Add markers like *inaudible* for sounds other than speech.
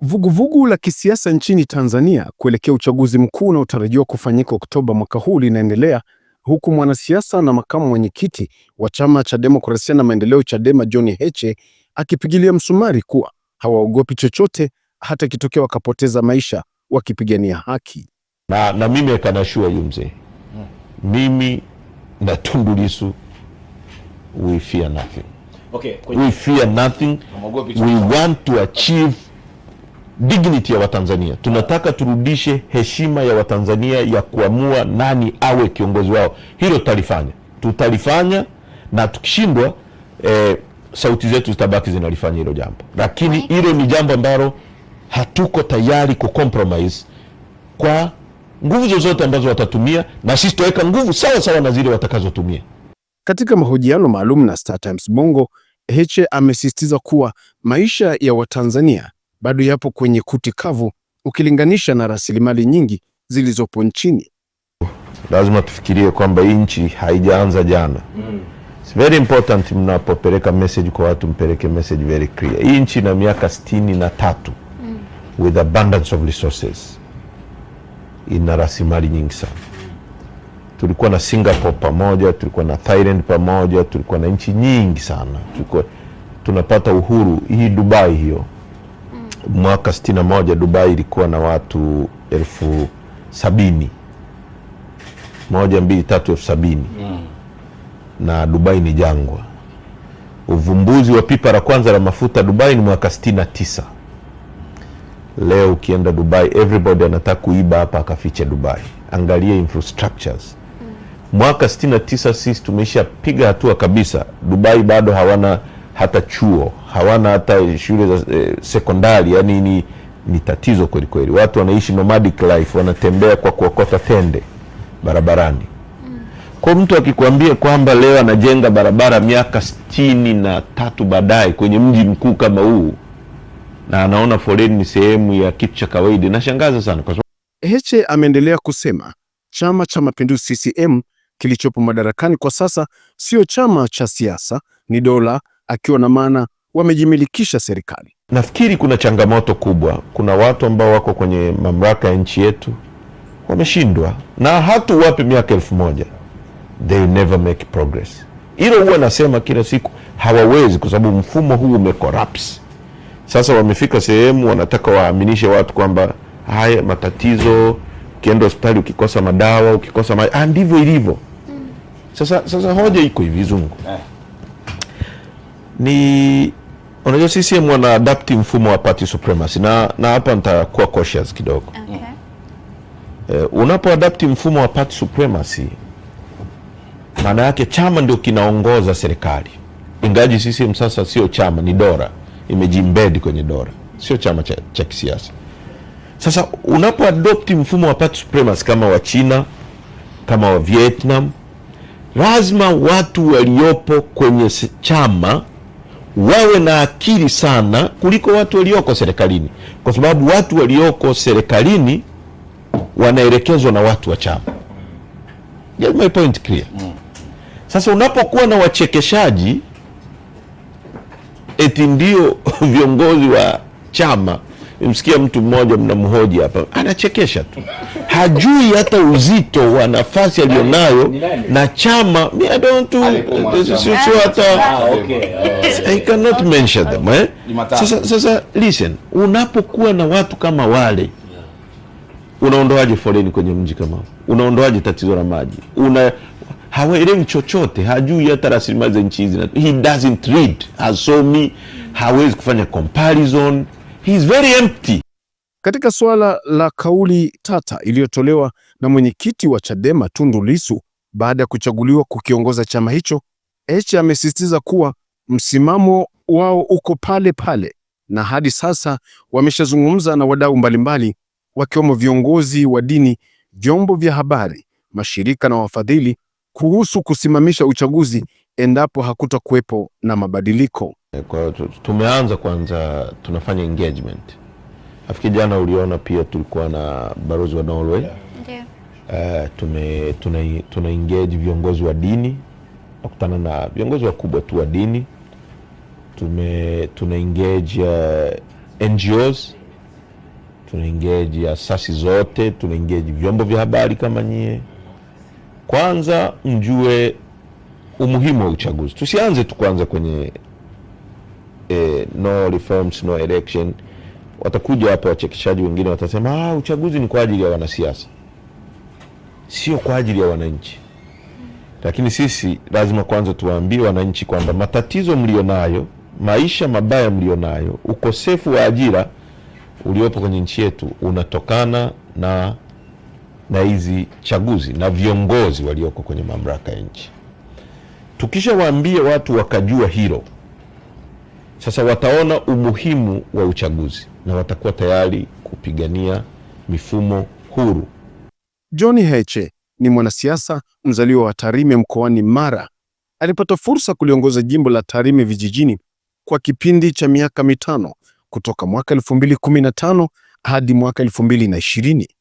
Vuguvugu la kisiasa nchini Tanzania kuelekea uchaguzi mkuu unaotarajiwa kufanyika Oktoba mwaka huu linaendelea huku mwanasiasa na makamu mwenyekiti wa Chama cha Demokrasia na Maendeleo Chadema John Heche akipigilia msumari kuwa hawaogopi chochote hata ikitokea wakapoteza maisha wakipigania haki. Na, na mimi akanashua huyu mzee mimi na Tundu Lissu we fear nothing. Okay, we fear nothing. We want to achieve dignity ya Watanzania, tunataka turudishe heshima ya Watanzania ya kuamua nani awe kiongozi wao. Hilo tutalifanya, tutalifanya na tukishindwa, eh, sauti zetu zitabaki zinalifanya hilo jambo, lakini hilo ni jambo ambalo hatuko tayari ku kwa nguvu zozote ambazo watatumia, na sisi tutaweka nguvu sawa sawa na zile watakazotumia. Katika mahojiano maalum na Star Times Bongo, Heche amesisitiza kuwa maisha ya Watanzania bado yapo kwenye kuti kavu ukilinganisha na rasilimali nyingi zilizopo nchini. Lazima tufikirie kwamba hii nchi haijaanza jana. Mm. It's very important mnapopeleka message kwa watu, mpeleke message very clear. Hii nchi ina miaka sitini na tatu mm. with abundance of resources, ina rasilimali nyingi sana. Tulikuwa na Singapore pamoja, tulikuwa na Thailand pamoja, tulikuwa na nchi nyingi sana, tulikuwa tunapata uhuru hii Dubai hiyo mwaka 61 Dubai ilikuwa na watu elfu sabini moja mbili tatu elfu sabini mm. na Dubai ni jangwa. Uvumbuzi wa pipa la kwanza la mafuta Dubai ni mwaka 69. Leo ukienda Dubai everybody anataka kuiba hapa akaficha Dubai. Angalia infrastructures mm. mwaka 69 sisi tumeisha piga hatua kabisa. Dubai bado hawana hata chuo hawana, hata shule za e, sekondari. Yani ni, ni tatizo kweli kweli. Watu wanaishi nomadic life, wanatembea kwa kuokota tende barabarani. Mm. Kwa mtu akikwambia kwamba leo anajenga barabara miaka sitini na tatu baadaye kwenye mji mkuu kama huu na anaona foleni ni sehemu ya kitu cha kawaida, nashangaza sana kwa sababu. Heche ameendelea kusema Chama cha Mapinduzi CCM kilichopo madarakani kwa sasa sio chama cha siasa, ni dola akiwa na maana wamejimilikisha serikali. Nafikiri kuna changamoto kubwa, kuna watu ambao wako kwenye mamlaka ya nchi yetu wameshindwa, na hatu wapi miaka elfu moja they never make progress. Hilo huwa nasema kila siku, hawawezi kwa sababu mfumo huu umekorapsi. Sasa wamefika sehemu wanataka waaminishe watu kwamba haya matatizo, ukienda hospitali ukikosa madawa, ukikosa ma... Ah, ndivyo ilivyo. Sasa sasa hoja iko hivi zungu eh ni unajua sisi CCM wanaadapti mfumo wa party supremacy na, na hapa nitakuwa cautious kidogo okay. Mm. Eh, unapo unapoadapti mfumo wa party supremacy maana yake chama ndio kinaongoza serikali, ingaji CCM sasa sio chama, ni dora, imejimbed kwenye dora, sio chama cha, cha kisiasa. Sasa unapo unapoadopti mfumo wa party supremacy kama wa China kama wa Vietnam, lazima watu waliopo kwenye chama wawe na akili sana kuliko watu walioko serikalini, kwa sababu watu walioko serikalini wanaelekezwa na watu wa chama. Get my point clear? Sasa unapokuwa na wachekeshaji eti ndio *laughs* viongozi wa chama, nimsikia mtu mmoja mnamhoji hapa, anachekesha tu hajui hata uzito wa nafasi aliyonayo na chama. mi I don't okay. I cannot mention them eh. Sasa, sasa listen, unapokuwa na watu kama wale unaondoaje foleni kwenye mji kama unaondoaje tatizo la maji? Una hawaelewi chochote, hajui hata rasilimali za nchi hizi. He doesn't read, hasomi, hawezi kufanya comparison, he is very empty. Katika suala la kauli tata iliyotolewa na mwenyekiti wa Chadema Tundu Lissu baada ya kuchaguliwa kukiongoza chama hicho, Heche amesisitiza kuwa msimamo wao uko pale pale na hadi sasa wameshazungumza na wadau mbalimbali wakiwemo viongozi wa dini, vyombo vya habari, mashirika na wafadhili kuhusu kusimamisha uchaguzi endapo hakutakuwepo na mabadiliko. Kwa tumeanza kwanza, tunafanya engagement nafikiri jana uliona pia tulikuwa na balozi wa Norway yeah. Uh, tume tuna, tuna engage viongozi wa dini nakutana na viongozi wakubwa tu wa dini tume tuna engage uh, eh, NGOs tuna engage asasi zote tuna engage vyombo vya habari kama nyie, kwanza mjue umuhimu wa uchaguzi. Tusianze tu kwanza kwenye eh, no reforms no election watakuja hapa wachekeshaji wengine watasema, ah, uchaguzi ni kwa ajili ya wanasiasa, sio kwa ajili ya wananchi. Lakini sisi lazima kwanza tuwaambie wananchi kwamba matatizo mlionayo, maisha mabaya mlionayo, ukosefu wa ajira uliopo kwenye nchi yetu unatokana na na hizi chaguzi na viongozi walioko kwenye mamlaka ya nchi. Tukishawaambia watu wakajua hilo sasa wataona umuhimu wa uchaguzi na watakuwa tayari kupigania mifumo huru. John Heche ni mwanasiasa mzaliwa wa Tarime mkoani Mara. Alipata fursa kuliongoza jimbo la Tarime vijijini kwa kipindi cha miaka mitano kutoka mwaka 2015 hadi mwaka 2020.